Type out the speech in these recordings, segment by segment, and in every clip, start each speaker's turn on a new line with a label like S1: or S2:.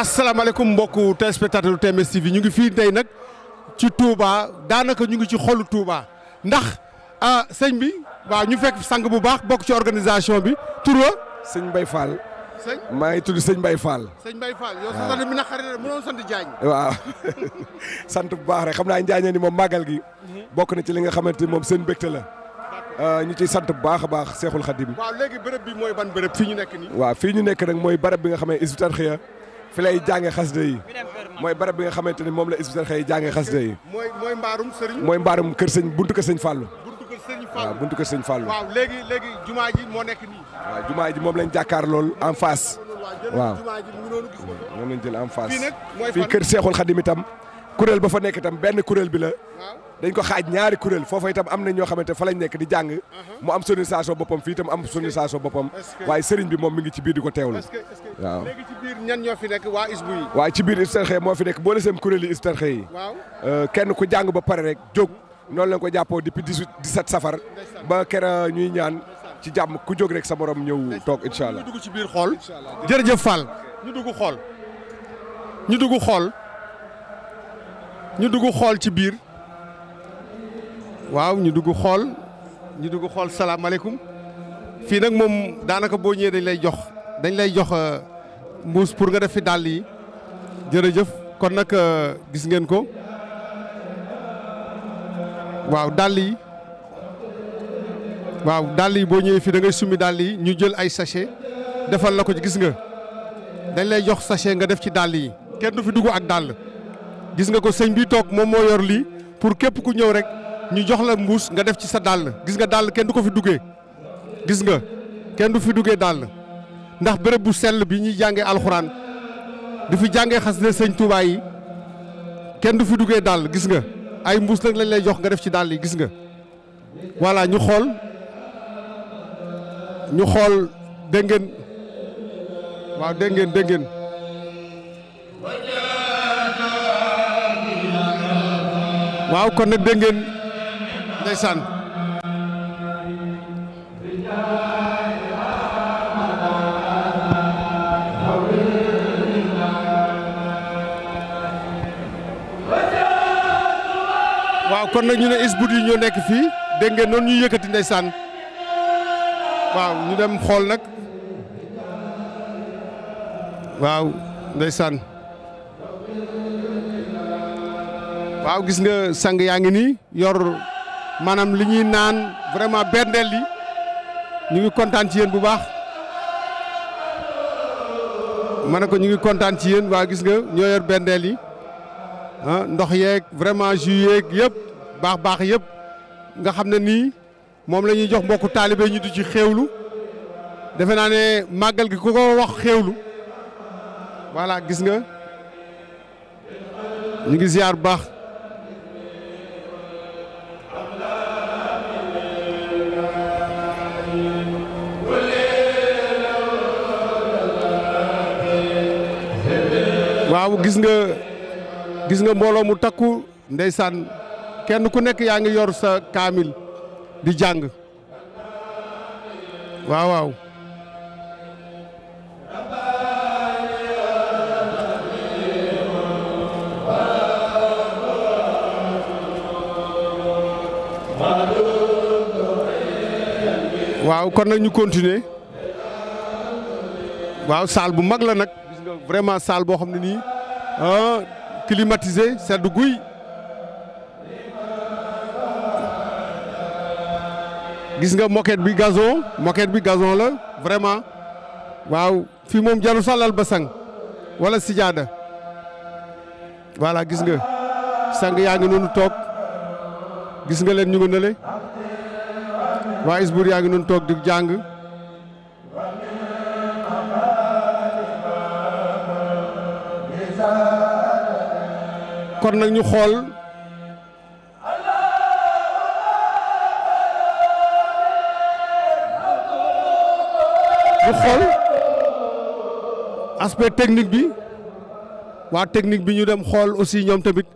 S1: asalaamaaleykum mbokku téléspectateur TMS TV ñu ngi fii tey nag ci Touba daanaka ñu ngi ci xolu Touba ndax ah sëñ bi waaw ñu fekk
S2: sang bu baax bokk ci organisation bi tur wa sëñ Mbaye Fall. sëñ maa ngi tudd sëñ Mbaye Fall.
S1: sëñ Mbaye Fall yow sa ah. sant mi naqari na mënoon sant
S2: Diagne. sant bu baax rek xam naa Njaañeen ni moom màggal gi. bokk na ci li nga xamante ni moom seen mbégte la. Ah, ñu ci sant bu baax a baax Seexul Xadim.
S1: waaw léegi bërëb bi mooy ban bërëb. fii ñu nekk nii
S2: waaw nekk nag mooy bërëb bi nga xam ne fi lay jànge xasida yi mooy barab bi nga xamante ni moom la Hizbut Tarqiyyah yi jànge xasida yi
S1: mooy mbaarum sëriñ mooy
S2: mbaarum kër sëñ buntu kër sëñ Fallou
S1: buntu kër sëñ Fallou waaw buntu kër sëñ léegi léegi jumaa ji moo nekk nii
S2: waaw moom lañ jàkkaar lool en face waaw moom lañ jël en face fii kër Seexul Xadim itam kuréel ba fa nekk itam benn kuréel bi la dañ ko xaaj ñaari kuréel foofa itam am na ñoo xamante fa lañ nekk di jàng uh-huh. mu am sonorisation boppam fii tam am sonorisation boppam waaye sëriñ bi moom mi ngi ci biir di ko teewlu waaw léegi
S1: ci biir ñan ñoo fi nekk waa isbu yi
S2: waaw biir istarxe moo fi nekk boo la seen kuréel yi istarxe euh, kenn ku jàng ba pare rek jóg noonu lañ ko jàppoo depuis 18 17 safar ba kera ñuy ñaan ci jàmm ku jóg rek sa morom ñëw toog incha allah. ñu dugg ci biir xool jërëjëf Fall ñu dugg xool ñu dugg xool ñu dugg xool ci
S1: biir waaw ñu dugg xool ñu dugg xool salaamaaleykum fii nag moom daanaka boo ñëwee dañ lay jox dañ lay jox euh, mbuus pour nga def fi dàll yi jërëjëf kon nag euh, gis ngeen ko waaw dàll yi waaw dàll yi boo ñëwee fii da ngay summi dàll yi ñu jël ay sachet defal la ko ci gis nga dañ lay jox sachet nga def ci dàll yi kenn du fi dugg ak dàll gis nga ko sëñ bi toog moom moo yor lii pour képp ku ñëw rek. ñu jox la mbuus nga def ci sa dàll gis nga dàll kenn du ko fi duggee gis nga kenn du fi duggee dàll ndax béréb bu sell bi ñuy jàngee alxuraan di fi jàngee xas ne sëñ Tuubaa yi kenn du fi duggee dàll gis nga ay mbuus nag lañ lay jox nga def ci dàll yi gis nga voilà ñu xool ñu xool dégg ngeen waaw dégg kon nag dégg ndeysaan waaw kon nag ñu ne isbut yi ñoo nekk fii dégg ngeen noonu ñuy yëkkati ndeysaan waaw ñu dem xool nag waaw ndeysaan waaw gis nga sang yaa ngi nii yor maanaam li ñuy naan vraiment berndeel yi ñu ngi kontaan ci yéen bu baax ma ne ko ñu ngi kontaan ci yéen waa gis nga ñoo yor berndeel yi ah ndox yeeg vraiment jus yeeg yëpp baax baax yëpp nga xam ne nii moom la ñuy jox mbokku taalibe ñu di ci xéewlu defe naa ne màggal gi ko ko wax xéewlu voilà gis nga ñu ngi ziar bu baax. waaw gis nga gis nga mbooloo mu takku ndeysaan kenn ku nekk yaa ngi yor sa kaamil di jàng waaw waaw kon nag ñu continuer waaw salle bu mag la nag gis nga vraiment salle boo xam ne nii ah, climatisé sedd guy gis nga moquette bi gazon moquette bi gason la vraiment waaw fii moom jaru salal ba sang wala sijaada voilà gis nga sang yaa ngi noonu toog gis nga leen ñu nga nële waa isbuur yaa ngi noonu toog di jàng kon nag ñu xool ñu aspect technique bi waa technique bi ñu dem xool aussi ñoom tamit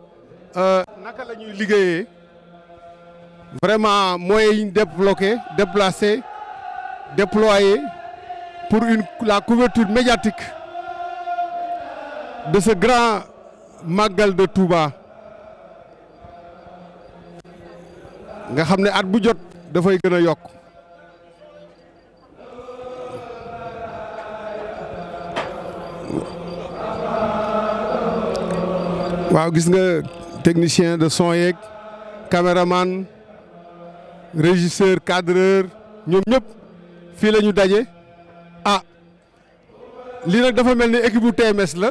S1: euh, naka lañuy liggéeyee vraiment mooy yi ñu débloqué déplacé déployé pour une la couverture médiatique de ce grand màggal de Touba nga xam ne at bu jot dafay gën a yokk waaw gis nga technicien de son yeeg caméraman régisseur cadreur ñoom ñëpp fii la ñu daje ah lii nag dafa mel ni équipe bu TMS la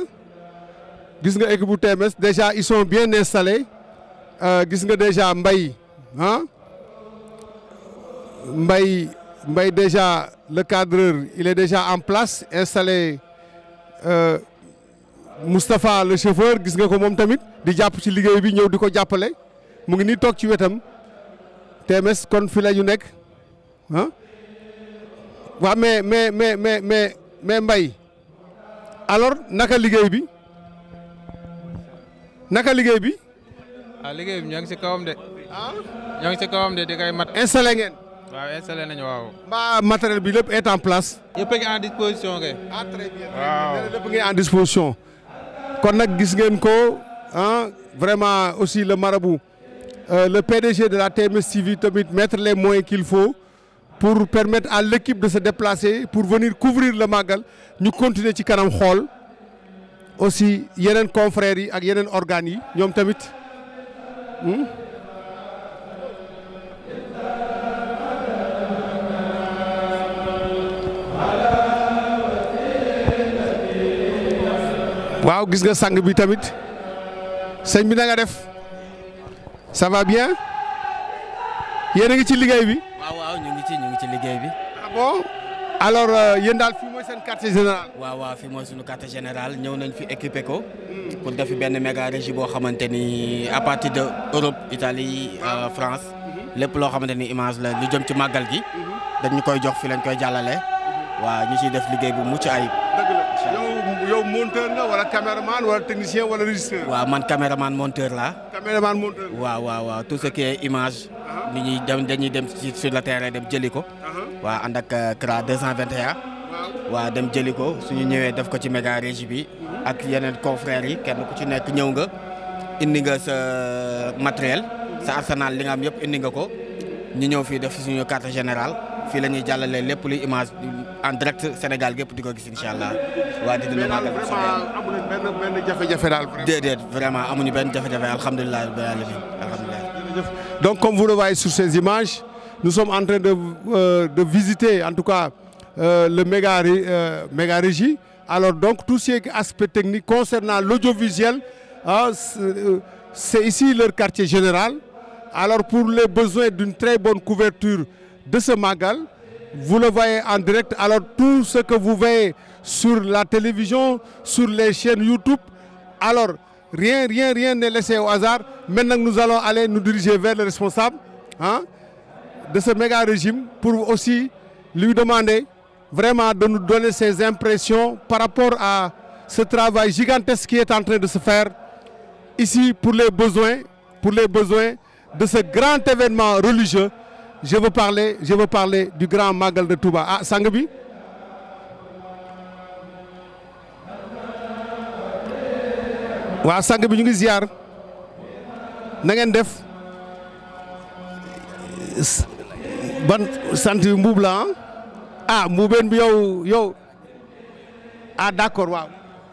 S1: gis nga équipe bu TMS déjà ils sont bien installés euh, gis nga déjà mbay mbay ah? Mbaye Mbaye déjà le cadreur il est déjà en place installé euh, Moustapha chauffeur gis nga ko moom tamit di jàpp ci liggéey bi ñëw di ko jàppale mu ngi nii toog ci wetam. TMS kon fi la ñu nekk ah waaw mais mais mais mais mais mais Mbaye alors naka liggéey bi naka liggéey bi. ah liggéey bi ñoo ngi si kawam de. ah ñoo ngi si kawam de di koy installé ngeen. waaw installé nañu waaw. mbaa bi lépp est en place. yëpp a en disposition kay. ah très bien kon nag gis ngeen ko ah, vraiment aussi le marabout. Euh, le PDG de la TMS TV tamit mettre les moyens qu'il faut pour permettre à l'équipe de se déplacer pour venir couvrir le màggal ñu continuer ci kanam xool aussi yeneen confrères yi ak yeneen organes yi ñoom tamit. Hmm? waaw gis nga sang bi tamit sëñ bi na def. ça va bien yéen a ngi ci liggéey bi.
S3: waaw waaw ñu ngi ci ñu ngi ci liggéey bi.
S1: Ah alors euh, yéen daal fii mooy seen quartier général.
S3: waaw waaw fii mooy suñu quartier général ñëw nañ fi équipé ko. pour def benn méga régie boo xamante ni à partie de Europe Italie euh, France. lépp loo xamante ni image la lu jom ci màggal gi. dañ koy jox fi lañ koy jàllale. waaw ñi ciy def liggéey bu mucc ayib.
S1: yow monteur nga wala caméraman wala technicien wala régisseur.
S3: waaw man caméraman monteur laa. waaw waaw waaw tout ce qui image. Uh-huh. nit ñi dem dañuy dem ci sur le terrain dem jëli ko. Uh-huh. waaw ànd ak euh, CRA 221. waaw dem jëli ko suñu ñëwee def ko ci méga régie bi. ak yeneen confrères yi kenn ku ci nekk ñëw nga. indi nga sa euh, matériel. sa arsenal li nga am yëpp indi nga ko. ñu ñëw fii def suñu carte générale fii la ñuy jàllale lépp lu image. en direct Sénégal gépp di ko gis incha allah. waa di daal. déedéet vraiment amuñu benn jafe alhamdulilah
S1: donc comme vous le voyez sur ces images nous sommes en train de euh, de visiter en tout cas euh, le méga euh, méga régie alors donc tous ces aspects techniques concernant l'audiovisuel ah euh, c'est ici leur quartier général alors pour les besoins d'une très bonne couverture de ce Magal vous le voyez en direct. Alors tout ce que vous voyez sur la télévision, sur les chaînes YouTube, alors rien, rien, rien n'est laissé au hasard. Maintenant nous allons aller nous diriger vers le responsable hein, de ce méga régime pour aussi lui demander vraiment de nous donner ses impressions par rapport à ce travail gigantesque qui est en train de se faire ici pour les besoins, pour les besoins de ce grand événement religieux je veux parler je veux parler du grand magal de Touba ah sang bi waaw sang bi ñu ngi ziar nangeen def ban sant bi mbuub la ah? ah mbuubeen bi yow yow ah d'accord waaw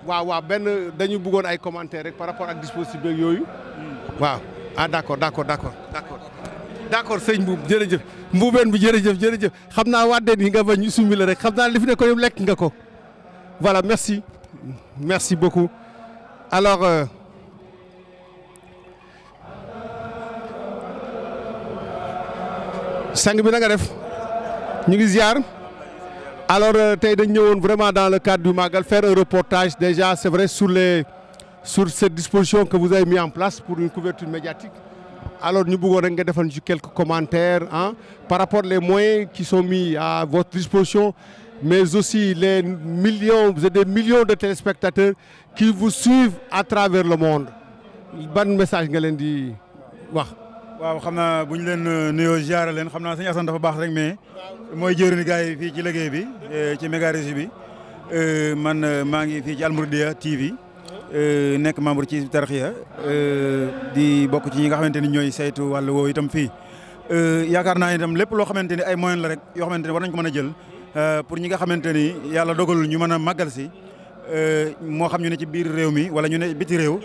S1: waaw waaw benn dañu bëggoon ay commentaires rek par rapport ak dispositif yooyu hmm. waaw ah d'accord d'accord d'accord d'accord d'accord sëñ mbuub jërëjëf mbuubeen bi jërëjëf jërëjëf xam naa wàddeen yi nga bañ ñu summi rek xam naa li fi ne ko yëpp lekk nga ko voilà merci merci beaucoup alors euh... sang bi na nga def ñu ngi ziar alors euh, tey dañ ñëwoon vraiment dans le cadre du Magal faire un reportage déjà c'est vrai sur les sur cette disposition que vous avez mis en place pour une couverture médiatique Alors nous nga faire quelques commentaires hein, par rapport les moyens qui sont mis à votre disposition, mais aussi les millions des millions de téléspectateurs
S4: qui vous suivent à travers le monde. Quel message nga leen di wax waaw xam naa bu leen euh, nuyoo ziare leen xam naa sëñ Assane dafa baax rek mais mooy jëriñ gars yi fii ci liggéey bi euh, ci méga régie bi euh, man maa ngi fii ci Almouridiyyah TV Euh, nekk membre ci tarxiya euh, di bokk ci ñi nga xamante ni ñooy saytu wàllu woowu itam fii euh, yaakaar naa itam lépp loo xamante ni ay moyen la rek yoo xamante ni war nañ ko mën a jël pour ñi nga xamante ni yàlla dogalul ñu mën a màggal si moo xam ñu ne ci biir réew mi wala ñu ne biti réew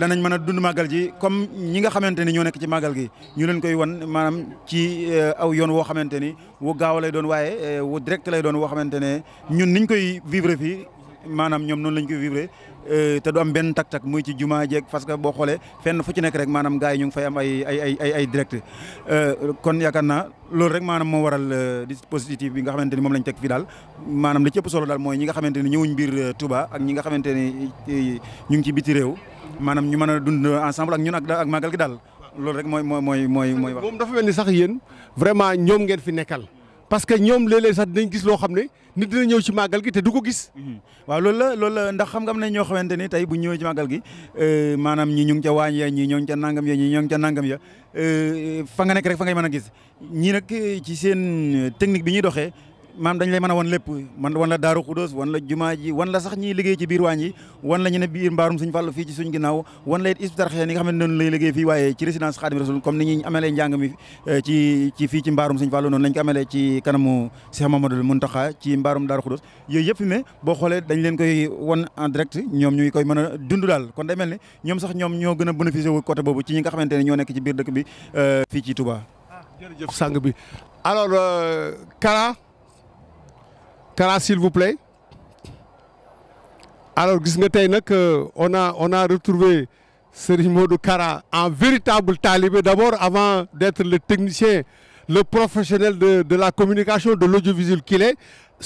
S4: danañ mën a dund màggal ji comme ñi nga xamante ni ñoo nekk ci màggal gi ñu leen koy wan maanaam ci aw yoon woo xamante ni wu gaaw lay doon waaye wu direct lay doon woo xamante ne ñun niñ koy vivre fii maanaam ñoom noonu lañ ko vivre euh, te du am benn tak-tak muy ci jumaa jeeg parce que boo xoolee fenn fu ci nekk rek maanaam gars yi ñu ngi fay am ay ay ay euh, kon yaakaar naa loolu rek maanaam moo waral euh, dispositif bi nga xamante ni moom lañ teg fii daal maanaam li ci solo daal mooy ñi nga xamante ni ñëwuñ biir ak ñi nga xamante ni ngi ci biti réew maanaam ñu mën a dund ensemble ak ñun ak ak màggal gi daal loolu rek mooy mooy mooy mooy. mooy wax moom dafa mel ni sax yéen vraiment ñoom ngeen fi nekkal. parce que ñoom léeg-léeg sax dinañ gis loo xam ne nit dina ñëw ci màggal gi te du ko gis. Mhm. waaw loolu la loolu la ndax xam nga am na ñoo xamante ni tey bu ñu ñëwee ci màggal gi euh, maanaam ñii ñu ngi ca waañ ya ñi ñoo ngi ca nangam ya ñi ñoo ngi ca nangam ya euh, fa nga nekk rek fa ngay mën a gis ñii nag euh, ci seen technique bi ñuy doxee maam dañ lay mën a wan lépp man wan la Daaru Xudóos wan la jumaa ji wan la sax ñiy liggéey ci biir waañ yi wan la ñu ne biir mbaarum suñ fàllu fii ci suñ ginnaaw wan la it ispitar xëy ni nga xam ne noonu fii waaye ci résidence Xaadim Rasul comme ni ñuy amalee eh, ci fii ci mbaarum suñ fàllu noonu lañ ko ci kanamu Cheikh Mamadou Muntaxa ci mbaarum Daaru Xudóos yooyu yëpp fi ne boo xoolee dañ leen koy wan en direct ñoom ñuy koy mën a daal kon day mel ne ñoom sax ñoom ñoo gën a bénéficié wu côté boobu ci ci biir dëkk bi eh, fii ci Touba ah, jërëjëf sang bi euh, Tara s'il vous alors
S1: gis nga tey nag euh, on a on a retrouvé Serigne Modou Kara en véritable talibé d'abord avant d'être le technicien le professionnel de de la communication de l'audiovisuel qu'il est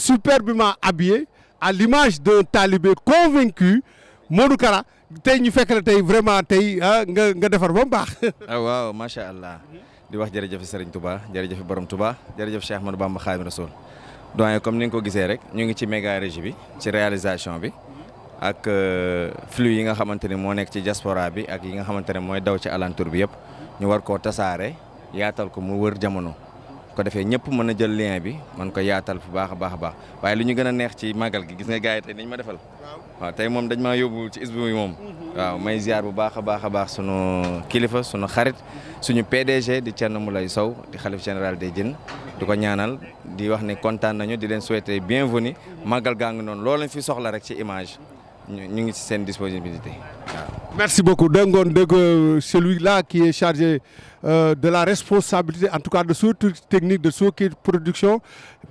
S1: superbement habillé à l'image d'un talibe convaincu Modou Kara tey ñu fekk la tey vraiment tey ah, nga nga defar ba mu baax.
S5: Ah, waaw macha allah di wax jërëjëf Serigne Touba jafe Borom tuba Touba jërëjëf Cheikh Ahmadou Bamba Khadim Rasoul doyen comme ni nga ko gisee rek ñu ngi ci méga bi ci réalisation bi ak euh, flux yi nga xamante ni moo nekk ci diaspora bi ak yi nga xamante ne mooy daw ci alentour bi yëpp ñu war koo tasaare yaatal ko mu wër jamono ko defee ñëpp mën a jël lien bi mën ko yaatal fu baax a baax a baax waaye lu ñu gën a neex ci màggal gi gis nga gars yi tey dañ ma defal waa tey moom dañ maa yóbbu ci isbu bi moom mhm. waaw may ziar bu baax a baax a baax sunu kilifa sunu xarit suñu PDG di Thierno Moulay Sow di xalif général des jeunes di ko ñaanal di wax ne kontaan nañu di leen bien bienvenue màggal gaa ngi noonu loolu lañ fi soxla rek ci image ñu ngi ci seen disponibilité waaw.
S1: merci beaucoup dégg ngoon dégg celui-là qui est chargé euh, de la responsabilité en tout cas de surtout technique de Soki production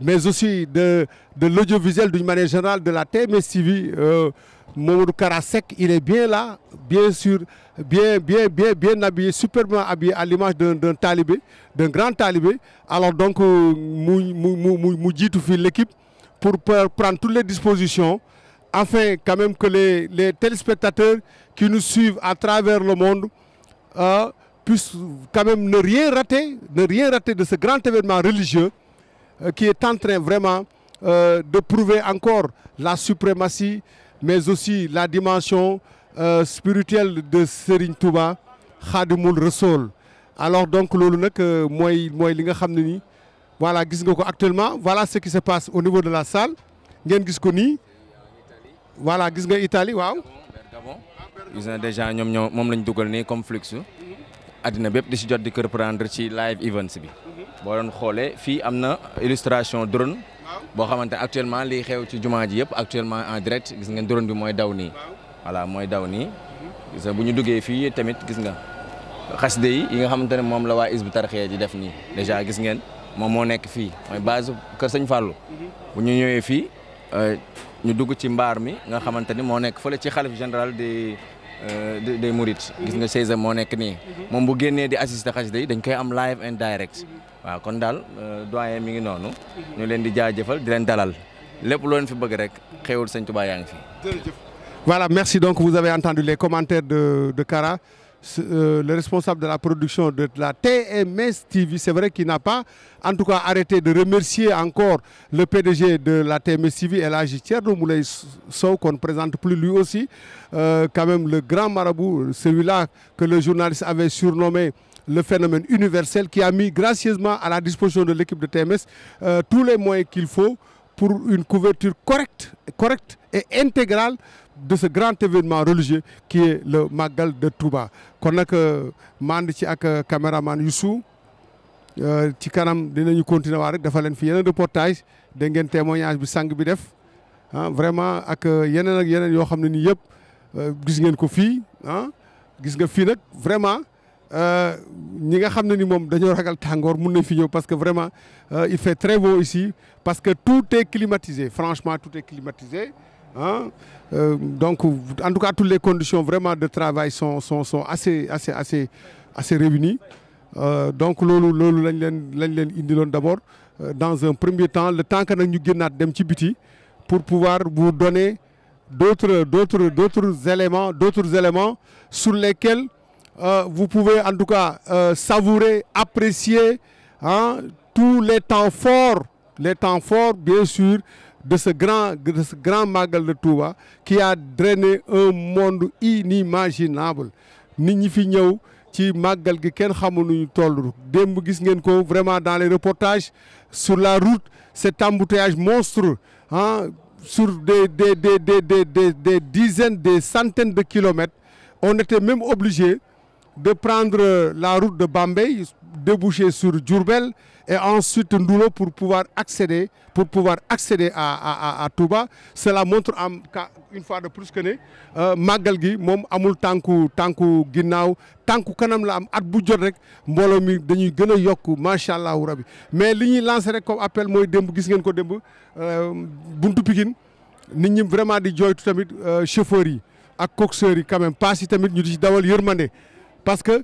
S1: mais aussi de de l'audiovisuel d'une manière générale de la TMS TV euh, Mamadou Kara Seck il est bien là bien sûr bien bien bien bien habillé superbement habillé à l'image d'un d'un talibé d'un grand talibé alors donc euh, mu mu mu mu jiitu fii l'équipe pour prendre toutes les dispositions afin quand même que les, les téléspectateurs qui nous suivent à travers le monde euh, puissent quand même ne rien rater, ne rien rater de ce grand événement religieux euh, qui est en train vraiment euh, de prouver encore la suprématie, mais aussi la dimension euh, spirituelle de Serigne Touba Khadimoul Rassoul. alors donc loolu nag euh, mooy mooy li nga xam ne nii voilà gis nga ko actuellement voilà ce qui se passe au niveau de la salle ngeen gis ko nii. voilà gis nga Italie waaw.
S5: Bergamo gis na déjà ñoom ñoo moom lañ dugal nii comme flux. addina bépp di si jot di kër reprendre ci live events bi. boo doon xoolee fii am na illustration drone. boo xamante actuellement lii xew ci jumaa ji yëpp actuellement en direct gis ngeen drone bi mooy daw nii. voilà mooy daw nii. gis bu ñu duggee fii tamit gis nga xasde yi yi nga xamante ne moom la waa Hizbut Tarqiyyah ji def nii déjà gis ngeen moom moo nekk fii mooy base Kër Sëñ Fallou. Mhm. ñu dugg ci mbaar mi nga xamante ni moo nekk fële ci xalif général di euh, des gis nga Seysa moo nekk nii moom bu génnee di assister xasida yi dañ koy am live and direct waa kon daal euh, doyen mi ngi noonu ñu leen di jaajëfal di leen dalal lépp loo leen fi bëgg rek xéewul Sëñ Tuubaa yaa ngi fi.
S1: Voilà, merci donc vous avez entendu les commentaires de de Kara. euh, le responsable de la production de la TMS TV, c'est vrai qu'il n'a pas, en tout cas, arrêté de remercier encore le PDG de la TMS TV, Elagi Thierno Moulay Sow, qu'on ne présente plus lui aussi, euh, quand même le grand marabout, celui-là que le journaliste avait surnommé le phénomène universel, qui a mis gracieusement à la disposition de l'équipe de TMS euh, tous les moyens qu'il faut pour une couverture correcte, correcte et intégrale de ce grand événement religieux qui est le Magal de Touba kon nag euh, ma ànd ci ak euh, caméraman Youssou euh, ci kanam dinañu continuer waa rek dafa leen fi yeneen reportage da ngeen témoignage bi sang bi def ah vraiment ak yeneen ak yeneen yoo xam ne nii yëpp gis ngeen ko fii ah gis nga fii nag vraiment ñi nga xam ne ni moom dañoo ragal tàngoor mun na fi ñëw parce que vraiment il fait très beau ici parce que tout est climatisé franchement tout est climatisé Hein euh, donc, en tout cas, toutes les conditions vraiment de travail son sont, sont assez, assez, assez, assez réunies. Euh, donc, lolo, lolo, l'indilon d'abord, euh, dans un premier temps, le temps que nous avons petit pour pouvoir vous donner d'autres, d'autres, d'autres éléments, d'autres éléments sur lesquels euh, vous pouvez en tout cas euh, savourer, apprécier hein, tous les temps forts, les temps forts, bien sûr, de ce grand, de ce grand Magal de Touba qui a drainé un monde inimaginable. nit ñi fi ñëw ci màggal gi kenn xamul nu ñu toll démb gis ngeen ko vraiment dans les reportages sur la route cet embouteillage monstre ah sur des des des des des des des dizaines des centaines de kilomètres on était même obligé de prendre la route de Bambey déboucher sur Diourbel et ensuite Ndoulo pour pouvoir accéder, pour pouvoir accéder à, à, à, à Touba. Cela montre une fois de plus que ne euh, màggal gi moom amul tànku tànku ginnaaw tànku kanam la am at bu jot rek mbooloo mi dañuy gën a yokk macha allahu rabi mais li ñuy lancé rek ko appel mooy démb gis ngeen ko démb euh, buntu Pikine nit ñi vraiment di jooytu tamit euh, chauffeurs yi ak coxeurs yi quand même yi tamit ñu di dawal yërmande parce que.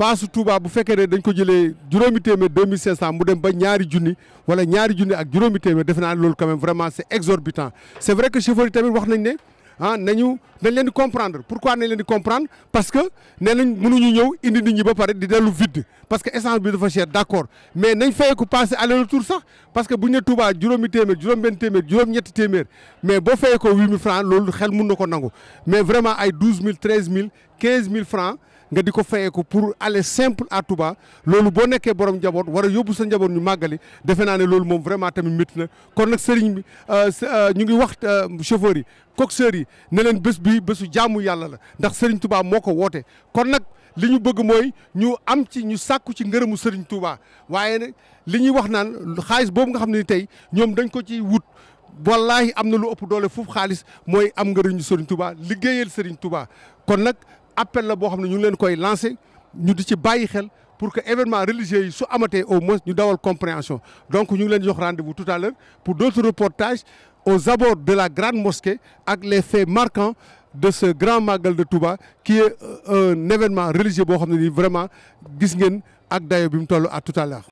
S1: paasu Touba bu fekkee ne dañ ko jëlee juróomi téeméer deux mille cinq cent mu dem ba ñaari junni wala ñaari junni ak juróomi téeméer defe naa loolu quand même vraiment c'est exorbitant c'est vrai que chauffeurs yi tamit wax nañ ne ah nañu nañ leen di comprendre pourquoi nañ leen di comprendre parce que nee nañ mënuñu ñëw indi nit ñi ba pare di dellu vide parce que essence bi dafa cher d'accord mais nañ fayeeku passé aller retour sax parce que bu ñu ne juróomi téeméer juróom ko na ko nangu ay douze mille treize mille quinze mille francs nga di ko ko pour aller simple à Touba loolu boo nekkee borom njaboot war a yóbbu sa njaboot ñu màggali defe naa ne loolu moom vraiment tamit métti na kon nag sëriñ bi euh, euh, ñu ngi wax euh, chauffeur yi coxeur yi ne bés bi bésu jaamu yàlla la ndax sëriñ Touba moo ko woote kon nag li ñu bëgg mooy ñu am ci ñu sàkku ci ngërëmu sëriñ Touba waaye li ñuy wax naan xaalis boobu nga xam ne tey ñoom dañ ko ci wut wallahi am na lu ëpp doole foofu xaalis mooy am ngërëmu sëriñ Touba liggéeyal sëriñ Touba kon nag appel la boo xam ne ñu ngi leen koy lancé ñu di ci bàyyi xel pour que événement religieux yi su amatee au moins ñu dawal compréhension donc ñu ngi leen jox rendez-vous tout à l'heure pour d'autres reportages aux abords de la grande mosquée ak le faits marquants de ce grand magal de Touba qui névénement euh, un boo xam ne nii vraiment gis ngeen ak dayo bi mu toll à tout à l'heure